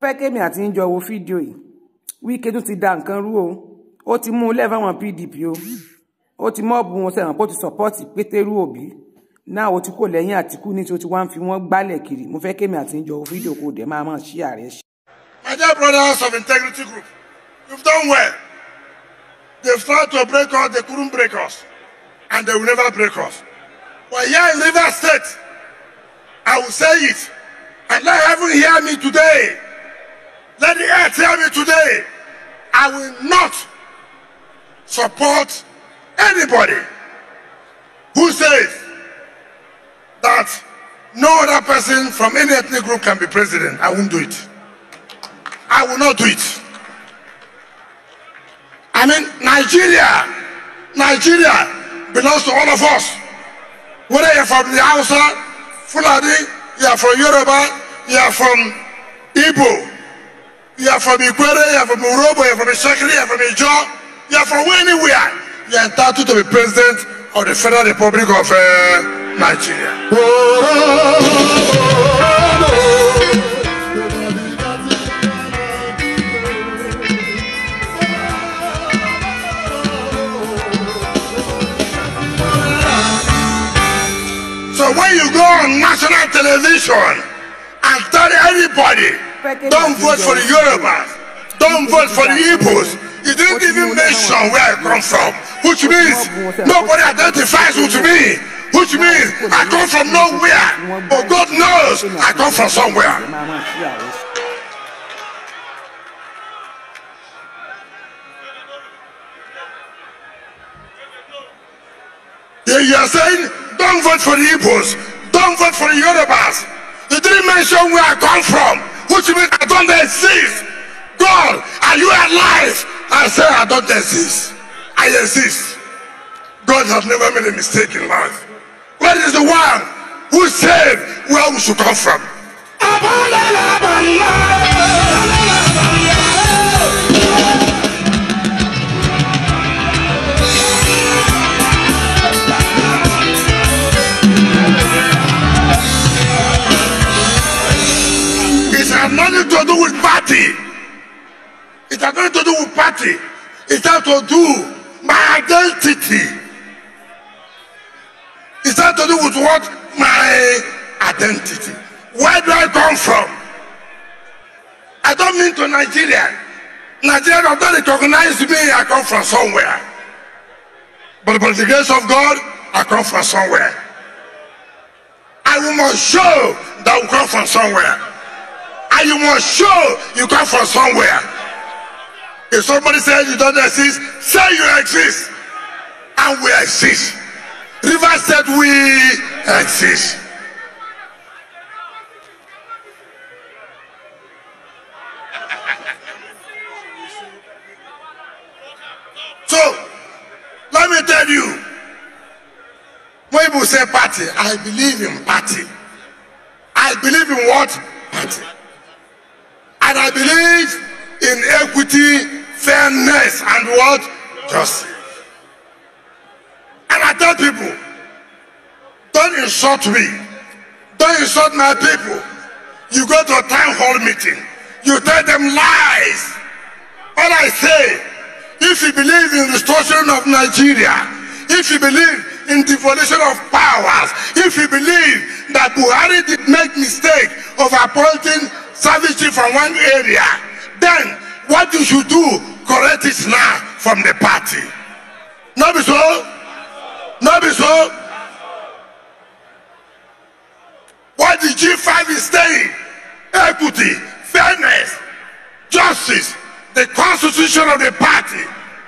fẹ́ kémi àti ń jọ wo fídíò yìí Wike tún ti da nǹkan rú o ó ti mú un lẹ́ẹ̀ PDP o ó ti mọ́ọ̀bù wọn sẹ́wọ̀n kó ti sọ́pọ́ọ̀tì Pétérù Òbí náà ó ti kò lẹ́yìn Àtìkù ní tí ó ti wá ń fi wọ́n gbálẹ̀ kiri mo fẹ́ kémi àti ń jọ wo fídíò kó dẹ̀ máa máa ṣí ààrẹ ṣe. My dear brothers of Integrity Group, you've done well. They've tried to break us, they couldn't break us, and they will never break us. But here in Rivers State, I will say it, and let heaven hear me today. Let the air tell me today. I will not support anybody who says that no other person from any ethnic group can be president. I won't do it. I will not do it. I mean, Nigeria, Nigeria belongs to all of us. Whether you're from the Hausa, Fulani, you're from Yoruba, you're from Igbo, you're from Ikwere, you're from Urobo, you're from Ishakiri, you're from Ijo, you're from anywhere. You're entitled to be president of the Federal Republic of uh, Nigeria. So when you go on national television and tell everybody don't vote for the Yorubas. Don't vote for the Igbos. He didn't even mention where I come from, which means nobody identifies with me, which means I come from nowhere. But oh, God knows I come from somewhere. you are saying, don't vote for the Igbos, don't vote for the Yorubas. He didn't mention where I come from which means I don't exist. God, are you alive? I say I don't exist. I exist. God has never made a mistake in life. Where is is the one who said where we should come from. identity. It to do my identity. Is that to do with what my identity. Where do I come from? I don't mean to Nigeria. Nigeria does not recognize me. I come from somewhere. But by the grace of God, I come from somewhere. I will must show that we come from somewhere. And you must show you come from somewhere. If somebody says you don't exist, say you exist. And we exist. River said we exist. so, let me tell you. When people say party, I believe in party. I believe in what? Party. And I believe in equity fairness and what justice and i tell people don't insult me don't insult my people you go to a town hall meeting you tell them lies all i say if you believe in restoration of nigeria if you believe in devolution of powers if you believe that buhari did make mistake of appointing service servitude from one area then what you should do, correct it now from the party. Not be so? Not be so? Why the G5 is saying, equity, fairness, justice, the constitution of the party,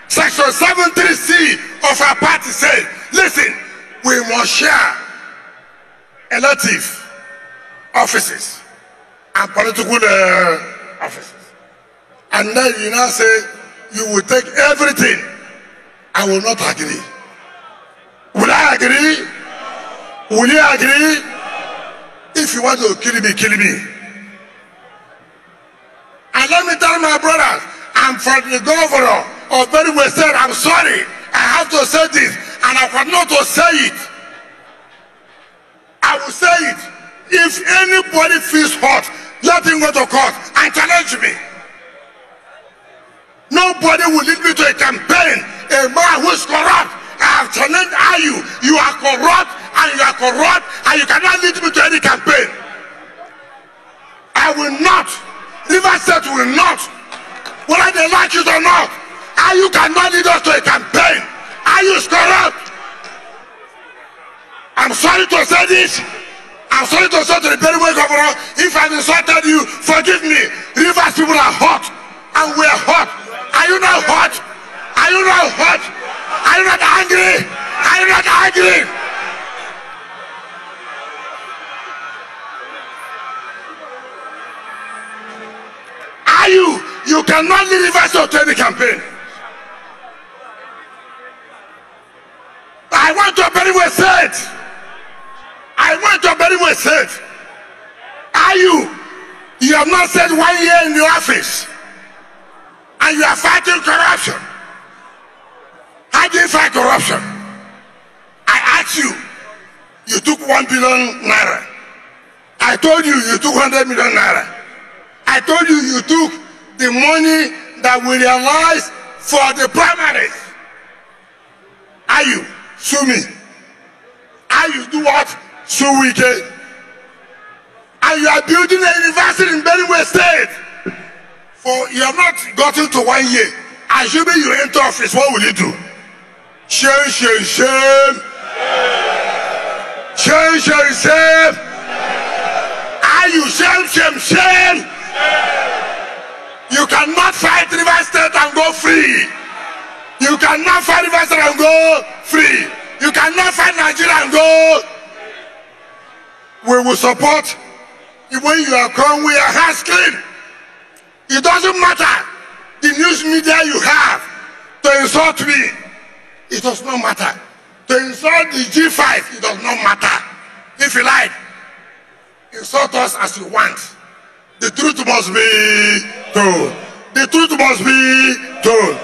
section 73C of our party says, listen, we must share elective offices and political uh, offices. And then you now say, you will take everything. I will not agree. Will I agree? Will you agree? If you want to kill me, kill me. And let me tell my brothers, I'm from the governor of very Western. I'm sorry. I have to say this, and I not to say it. I will say it. If anybody feels hot, let him go to court and challenge me. Nobody will lead me to a campaign. A man who's corrupt. I have challenged you. You are corrupt and you are corrupt and you cannot lead me to any campaign. I will not. River State will not. Whether they like it or not, you cannot lead us to a campaign. Are you corrupt. I'm sorry to say this. I'm sorry to say to the very way, Governor, if I've insulted you, forgive me. Rivers people are hot, and we're hot. Are you not hot? Are you not hot? Are you not angry? Are you not angry? Are you? You cannot reverse to 20 campaign. I want a very well said. I want a very well said. Are you? You have not said one year in the office. and you are fighting corruption. How do you fight corruption? I asked you, you took one billion naira. I told you, you took 100 million naira. I told you, you took the money that we realized for the primaries. Are you? Sue me. Are you do what? Sue Wike. And you are building a university in Benue State. For oh, you have not gotten to one year. Assuming you enter office, what will you do? Shame, shame, shame. Shame, shame, shame. Are you shame, shame, shame? You cannot fight River State and go free. You cannot fight River State and go free. You cannot fight Nigeria and go. We will support when you are come, we are asking. clean. It doesn't matter the news media you have to insult me. It does not matter. To insult the G5, it does not matter. If you like, insult us as you want. The truth must be told. The truth must be told.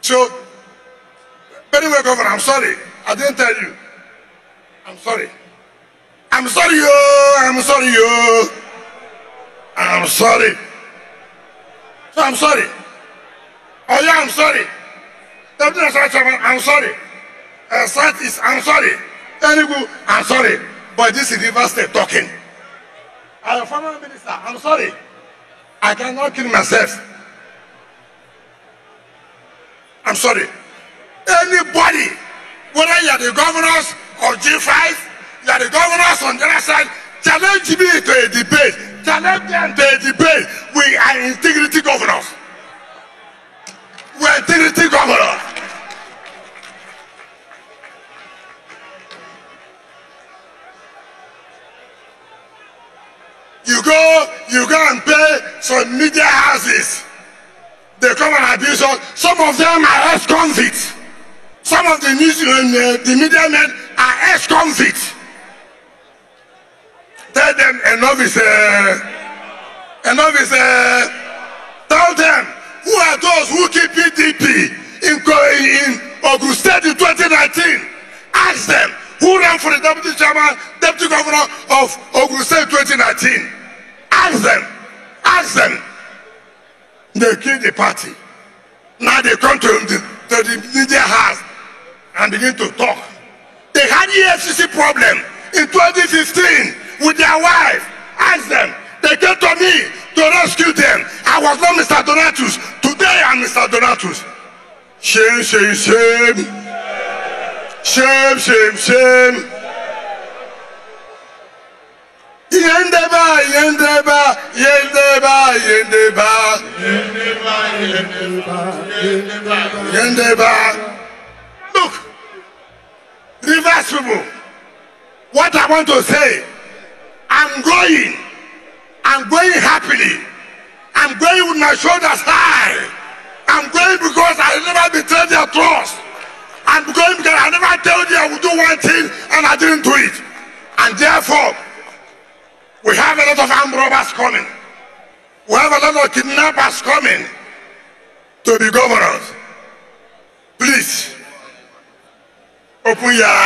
So, anyway, Governor, I'm sorry. I didn't tell you. I'm sorry. I'm sorry, yo. I'm sorry, yo. I'm sorry. I'm sorry. Oh yeah, I'm sorry. Everything that's happened, I'm sorry. A uh, South is, I'm sorry. Enugu, I'm sorry. But this is Rivers State talking. As a former minister, I'm sorry. I cannot kill myself. I'm sorry. Anybody, whether you are the governors or G5, you are the governors on the other side, challenge me to a debate. and debate. We are integrity governors. We are integrity governors. You go, you go and pay some media houses. They come and abuse us. Some of them are ex-convicts. Some of the news, uh, the media men are ex-convicts. Tell them enough is uh, enough is uh, tell them who are those who keep PDP in in Ogun State in 2019. Ask them who ran for the deputy chairman, deputy governor of Ogun State 2019. Ask them. Ask them. They killed the party. Now they come to, to the media house and begin to talk. They had EFCC problem in 2015. with their wife. Ask them. They came to me to rescue them. I was not Mr. Donatus. Today I'm Mr. Donatus. Shame, shame, shame. Shame, shame, shame. Yendeba, yendeba, yendeba, yendeba. Yendeba, yendeba, yendeba. Look, reverse What I want to say I'm going. I'm going happily. I'm going with my shoulders high. I'm going because I never betrayed their trust. I'm going because I never told you I would do one thing and I didn't do it. And therefore, we have a lot of armed robbers coming. We have a lot of kidnappers coming to be governors. Please, open your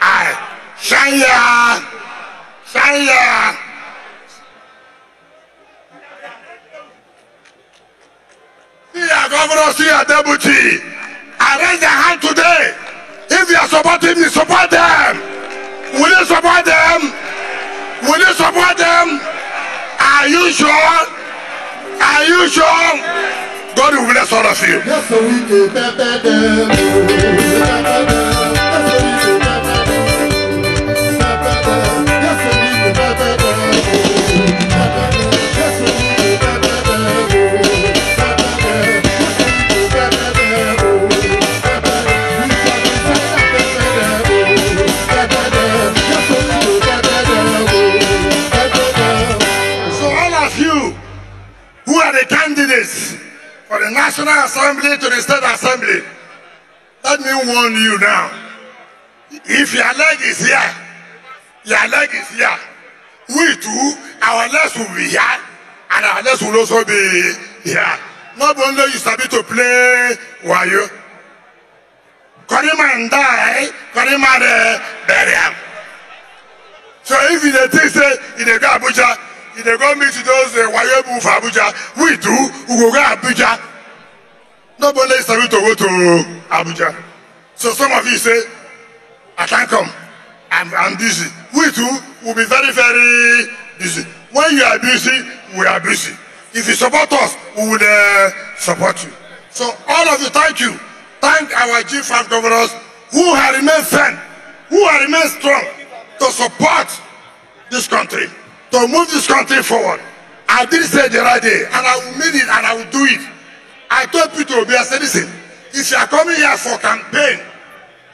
eyes, shine your Sanya. See governor, see deputy. I raise your hand today. If you are supporting me, support them. Will you support them? Will you support them? Are you sure? Are you sure? God will bless all of you. Yes, we the candidates for the National Assembly to the State Assembly. Let me warn you now. If your leg is here, your leg is here. We too, our legs will be here, and our legs will also be here. Not only you started to play Why you? ń dá ẹ́, kọ́rímà rẹ̀ bẹ̀rẹ̀ am. So if you dey think say you dey go Abuja, If they go meet those uh, Wayebu for Abuja, we do, we will go Abuja. Nobody is to go to Abuja. So some of you say, I can't come. I'm, I'm busy. We too will be very, very busy. When you are busy, we are busy. If you support us, we will uh, support you. So all of you, thank you. Thank our G5 governors who have remained firm, who have remained strong to support this country. to move this country forward. I did say the right day, and I will mean it, and I will do it. I told Peter Obi, I said, listen, if you are coming here for campaign,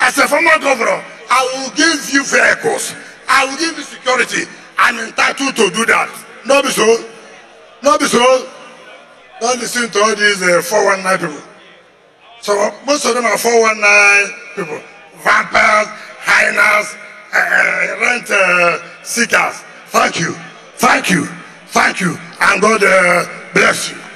as a former governor, I will give you vehicles. I will give you security. I'm entitled to do that. No be so. No be so. Don't listen to all these uh, 419 people. So most of them are 419 people. Vampires, hyenas, uh, uh rent uh, seekers. Thank you. Thank you. Thank you. And God uh, bless you.